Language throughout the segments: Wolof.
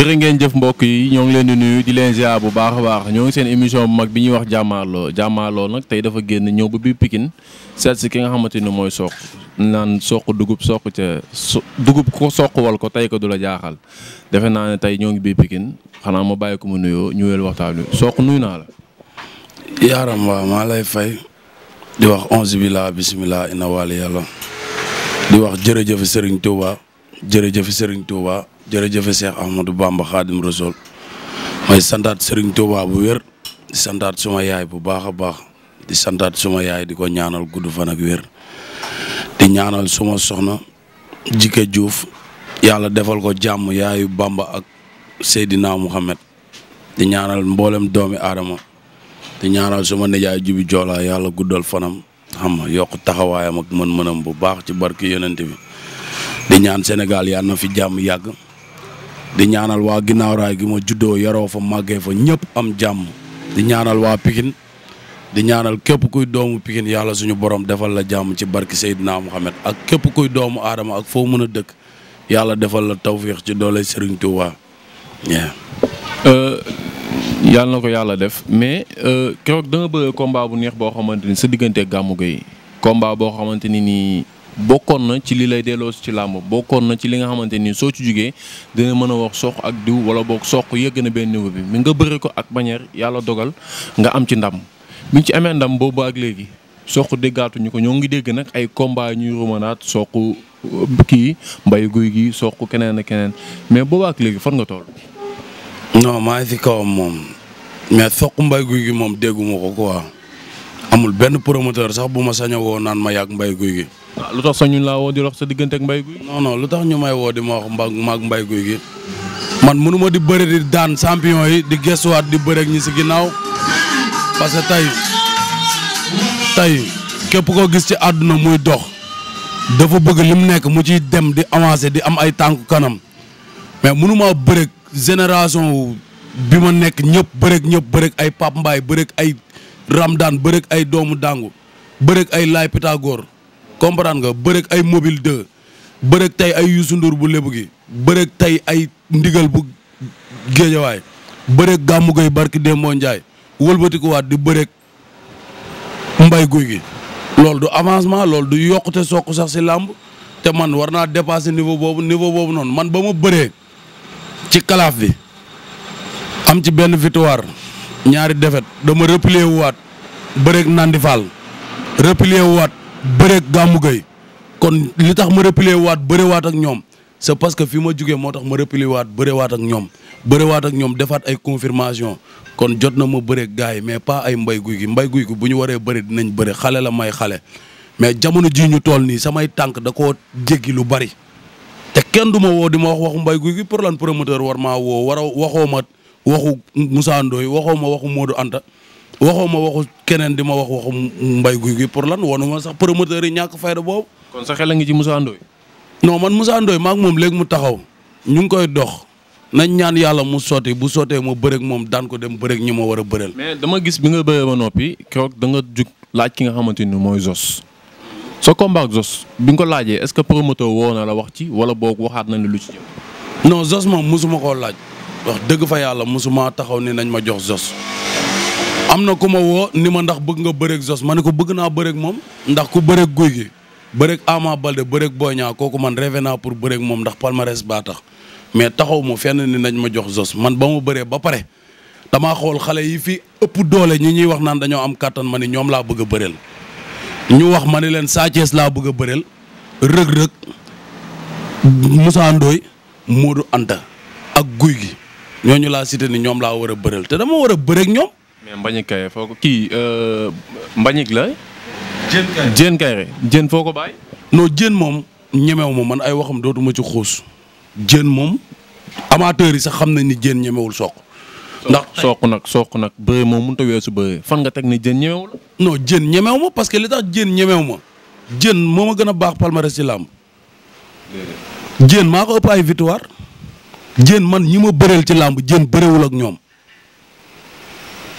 jërë ngeen jëf mbokk yi ñoo ngi leen di nuyu di leen ziar bu baax a baax ñoo ngi seen émission bu mag bi ñuy wax jàmmaarloo jàmmaarloo nag tey dafa génn ñëw ba biir pikin seet si ki nga xamante ni mooy soq naan soq dugub soq ca dugub ko soq wal ko tey ko du la jaaxal defe naa ne tey ñoo ngi biir Pikine xanaa ma bàyyi ko mu nuyoo ñu wel waxtaan wi sook nuyu naa la. yaaram waaw maa lay fay di wax onze billah bisimilah inna wali yàlla di wax jërëjëf Serigne Touba jërëjëf Serigne Touba. jërëjëfe Cheikh Ahmadou Bamba Khadim Rasoul may santaat Serigne bu wér di santaat suma yaay bu baax a baax di santaat suma yaay di ko ñaanal gudd fan ak wér di ñaanal suma soxna Jike juuf yàlla defal ko jàmm yaayu Bamba ak Seydina Mouhamed di ñaanal mboolem doomi aadama di ñaanal suma nijaay Jibi Joola yàlla guddal fanam xam nga yokk taxawaayam ak mën-mënam bu baax ci barki yonent bi di ñaan senegal yàlla na fi jàmm yàgg di ñaanal waa ginnaaw raay gi ma juddoo yaroo fa màggee fa ñëpp am jàmm di ñaanal waa pikin di ñaanal képp kuy doomu pikin yàlla suñu borom defal la jàmm ci barki Seydina Mohamed ak képp kuy doomu aadama ak foo mën a dëkk yàlla defal la tawféex ci doole Serigne Touba. Euh, yàlla na ko yàlla def mais euh, keroog da nga bëgg bu neex boo xamante ni sa diggante Gamou Gueye combat boo xamante ni nii. bokkoon na ci li lay delloo ci làmb bokkoon na ci li nga xamante ni soo ci jugee dina mën a wax soq ak diw wala boog soq yëgg na benn niveau bi mi nga bëri ko ak manière yàlla dogal nga am ci ndam bi ci amee ndam boobu ak léegi soq déggaatuñu ko ñoo ngi dégg nag ay combat ñuy romanaat soq euh, kii mbay guy gi soq keneen ak keneen mais boobu ak léegi fan nga tool non maa ngi kawam moom mais soq mbay guy gi moom dégguma ko quoi. amul benn promoteur sax bu ma sañ a woo naan ma yàgg mbay guy gi. waaw ah, lu tax sañu laa woo di wax sa diggante ak mbay guy. non non lu tax ñu may woo di ma wax mbag maag mbay guy gi man mënu di bëri di daan champion yi di gestuwaat di bëri ak ñi si ginnaaw parce que tey tey képp koo gis ci àdduna muy dox dafa bëgg li mu nekk mu ci dem di avancer di am ay tànku kanam mais mënu maa bëri génération bi ma nekk ñëpp bëri ñëpp bëri ay Pape Mbaye bëri ay. Ramdan bërëg ay doomu dàngu bërëg ay laay Pythagore comprendre nga bërëg ay mobile 2 bërëg tey ay Youssou Ndour bu lébu gi bërëg tey ay ndigal bu géejawaay bërëg gàmmu gay barki Demba Ndiaye wëlbatikuwaat di bërëg mbay guy gi loolu du avancement loolu du yokkute sokk sax si làmb te man war naa dépasser niveau boobu niveau boobu noonu man ba ma bëree ci kalaaf bi am ci benn victoire ñaari defet dama replier waat bëreeg Nandi Fall replier waat bëreek Gamou Gueye kon li tax ma replier waat bëre waat ak ñoom c'est parce que fi ma jugee moo tax ma replier waat bëre ak ñoom bëre waat ak ñoom defaat ay confirmation kon jot na ma bëreeg gars yi mais pas ay mbay guy gi mbay guy gi bu ñu waree bëri dinañ bëri xale la may xale mais jamono ji ñu toll nii samay tànk da ko jéggi lu bari te kenn du ma woo di ma wax waxu mbay guy gi pour lan promoteur war maa woo war a ma waxu Moussa Ndoye waxoo ma waxu Modou Anta waxoo ma waxu keneen di ma wax waxu mbay guy Gui pour lan wanu ma sax promoteur yi ñàkk fayda boobu. kon sa xel a ci Moussa Ndoye. non man Moussa Ndoye maak moom léegi mu taxaw ñu ngi koy dox nañ ñaan yàlla mu sotti bu sootee ma bëreeg moom daan ko dem bëreeg ñi ma war a bëreel. dama gis bi nga bëree ba noppi keroog da nga jug laaj ki nga xamante ni mooy Zos. sa combat ak Zos bi nga ko laajee est-ce que promoteur woo na la wax ci wala boog waxaat nañ lu ci non Zos mosuma koo laaj. wax dëgg fa yàlla mosuma taxaw ne nañ ma jox Zoss am na ku ma woo ni ma ndax bëgg nga bëreeg Zoss ma ne ko bëgg naa bëreeg moom ndax ku bëreeg guy gi bëreeg Ama Balde bëreeg Boy Niang kooku man rêvé pour bëreek moom ndax palmarès baa tax mais taxaw ma fenn ni nañ ma jox Zoss man ba ma bëree ba pare damaa xool xale yi fi ëpp doole ñi ñuy wax naan dañoo am kàttan ma ni ñoom laa bëgg a bëreel ñu wax ma ni leen Sa laa bëgg a bëreel rëg-rëg Moussa Ndoye Anta ak guy gi ñooñu laa cité ni ñoom laa war a bëreel te dama war a bëreeg ñoom. mais Mbagnick Kaïré foo ko kii euh, mbañik la. Diène Kaïré jën foo ko bàyyi. non jën moom ñemewu ma man ay waxam dootuma ci xuus jën moom amateurs yi sax xam nañ ni Diène ñemewul soq. ndax soq nag soq nag bëree moom mun ta weesu bëree fan nga teg ni jën ñemewu la. non Diène ñemewu ma parce que li tax Diène ñemewu ma Diène moo ma gën a baax palmarès ci làmb. Diène maa ko ëpp ay victoire. jéen man ñi ma bëreel ci làmb jéen bëreewul ak ñoom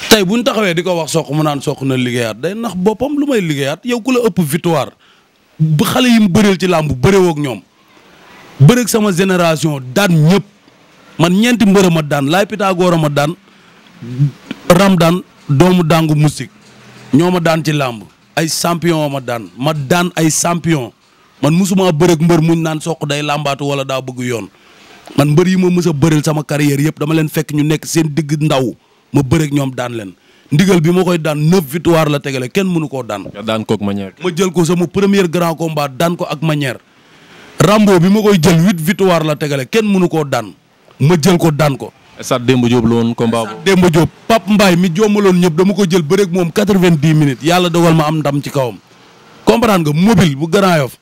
tey bu ñu taxawee di ko wax soq mu naan soq na liggéeyaat day nax boppam lu may liggéeyaat yow ku la ëpp victoire bu xale yi mu bëreel ci làmb bëreewoo ak ñoom bëreeg sama génération daan ñëpp man ñeenti mbër ma daan laay Pythagore ma daan ram daan doomu dàngu musique ñoo ma daan ci làmb ay champion ma daan ma daan ay champion man musuma bëreeg mbër muñ naan soq day làmbaatu wala daa bëgg yoon. man mbër yi ma mës a bëreel sama carrière yëpp dama leen fekk ñu nekk seen digg ndaw ma bëreeg ñoom daan leen ndigal bi ma koy daan neuf victoire la tegale kenn mënu koo daan. daan ko ak manière. ma jël ko sama premier grand combat daan ko ak manière. Rambo bi ma koy jël huit victoire la tegale kenn mënu koo daan ma jël ko daan ko. Stade Demba Diop la woon combat boobu. Demba Diop Pape Mbaye mi jommaloon ñëpp dama ko jël bëreek moom quatre-vingt-dix minutes yàlla dogal ma am ndam ci kawam. comprendre nga mobile bu Grand Yoff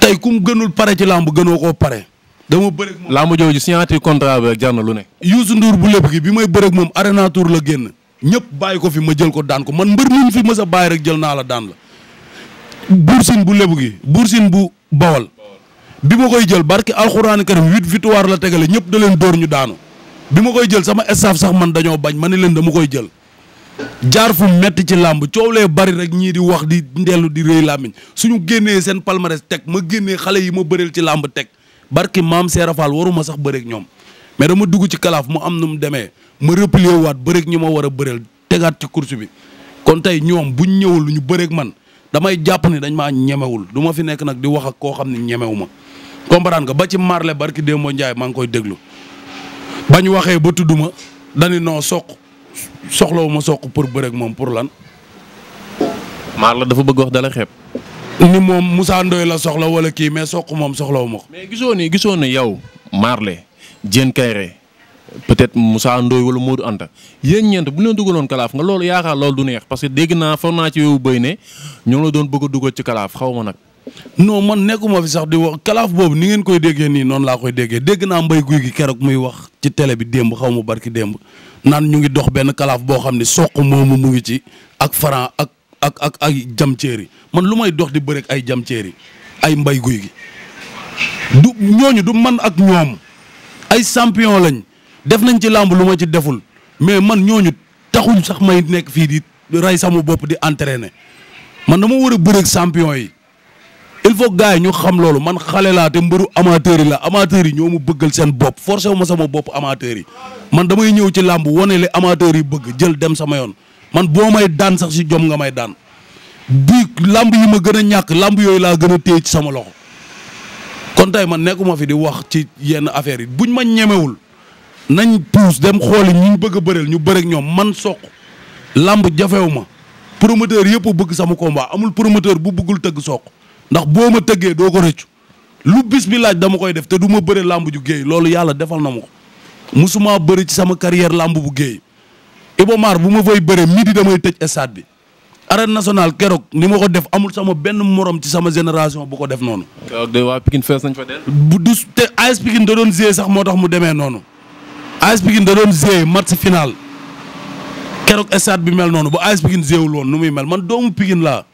tey ku mu gënul pare ci làmb gënoo koo pare. dama bëreeg moom laa ma jooju signature contrat bi rek lu ne. Youssou Ndour bu lépp gi bi may bëreeg moom Arena Tour la génn ñëpp bàyyi ko fi ma jël ko daan ko man mbër mi fi mës a bàyyi rek jël naa la daan la. Boursine bu lépp gi Boursine bu Bawal bi ma koy jël barki alxuraani karim huit victoire la tegale ñëpp da leen dóor ñu daanu bi ma koy jël sama staff sax man dañoo bañ ma ne leen dama koy jël. jaar fu metti ci làmb coow lee bari rek ñii di wax di ndellu di r làmmiñ suñu génnee seen palmarès teg ma génnee xale yi ma bëreel ci làmb teg. barki maam Seera Fall waruma sax bëreek ñoom mais dama dugg ci kalaaf mu am nu mu demee ma replier waat bëreeg ñi ma war a bëreel tegaat ci course bi kon tey ñoom buñ ñëwul lu ñu bëreek man damay jàpp ni dañ maa ñemewul du ma fi nekk nag di wax ak koo xam ne ñemewu ma comprendre nga ba ci marle barki Demba Ndiaye maa ngi koy déglu bañ waxee ba tudd ma dañu noo soq soxlawu ma soq pour bëreek moom pour lan. maar dafa bëgg wax dala xep ni moom Moussa Ndoye la soxla wala kii mais soq moom soxlawu ma ko. mais gisoo ni gisoo ni yow Marley Diène Kairé peut-être Moussa Ndoye wala Modou Anta yéen ñeent bu ñu leen dugaloon kalaaf nga loolu yaakaar loolu du neex parce que dégg naa foog naa ci yow bëy ne ñoo la doon bëgg a dugal ci kalaaf xaw ma nag. noo man nekkuma fi sax di wax kalaaf boobu ni ngeen koy déggee nii noonu laa koy déggee dégg naa mbay guy gi keroog muy wax ci télé bi démb xaw ma barki démb naan ñu ngi dox benn kalaaf boo xam ne soq moomu mu ngi ci ak Franc ak. ak ak ay jam ceeri man lu may dox di bëreeg ay jam ceeri ay mbay guy gi du ñooñu du man ak ñoom ay champion lañ def nañ ci làmb lu ma ci deful mais man ñooñu taxuñ sax may nekk fii di rey sama bopp di entraîner man dama war a bëreeg champion yi il faut gars ñu xam loolu man xale laa te mbaru amateur yi la amateur yi ñoo mu bëggal seen bopp forcé wu ma sama bopp amateur yi man damay ñëw ci làmb wane li amateur yi bëgg jël dem sama yoon man boo may daan sax si jom nga may daan bi làmb yi ma gën a ñàkk làmb yooyu laa gën a téye ci sama loxo kon tey man nekkuma fi di wax ci yenn affaire yi buñ ma ñemewul nañ puus dem xooli ñi ñu bëgg a bëreel ñu bëreeg ñoom man soq lamb jafewu ma promoteur yëpp bëgg sama combat amul promoteur bu bëggul tëgg sook ndax boo ma tëggee doo ko rëccu lu bis bi laaj dama koy def te du ma bëre làmb ju géey loolu yàlla defal na ma ko musuma bëri ci sama carrière lamb bu géey Iba Mar bu ma fay bëree miti damay tëj stade bi arène national keroog ni ma ko def amul sama benn morom ci sama génération bu ko def noonu. waa Pikine fees nañ fa del bu du te AS Pikine da doon gérer sax moo tax mu demee noonu AS Pikine da doon gérer match final keroog stade bi mel noonu ba AS Pikine gérer wul woon nu muy mel man doomu Pikine laa.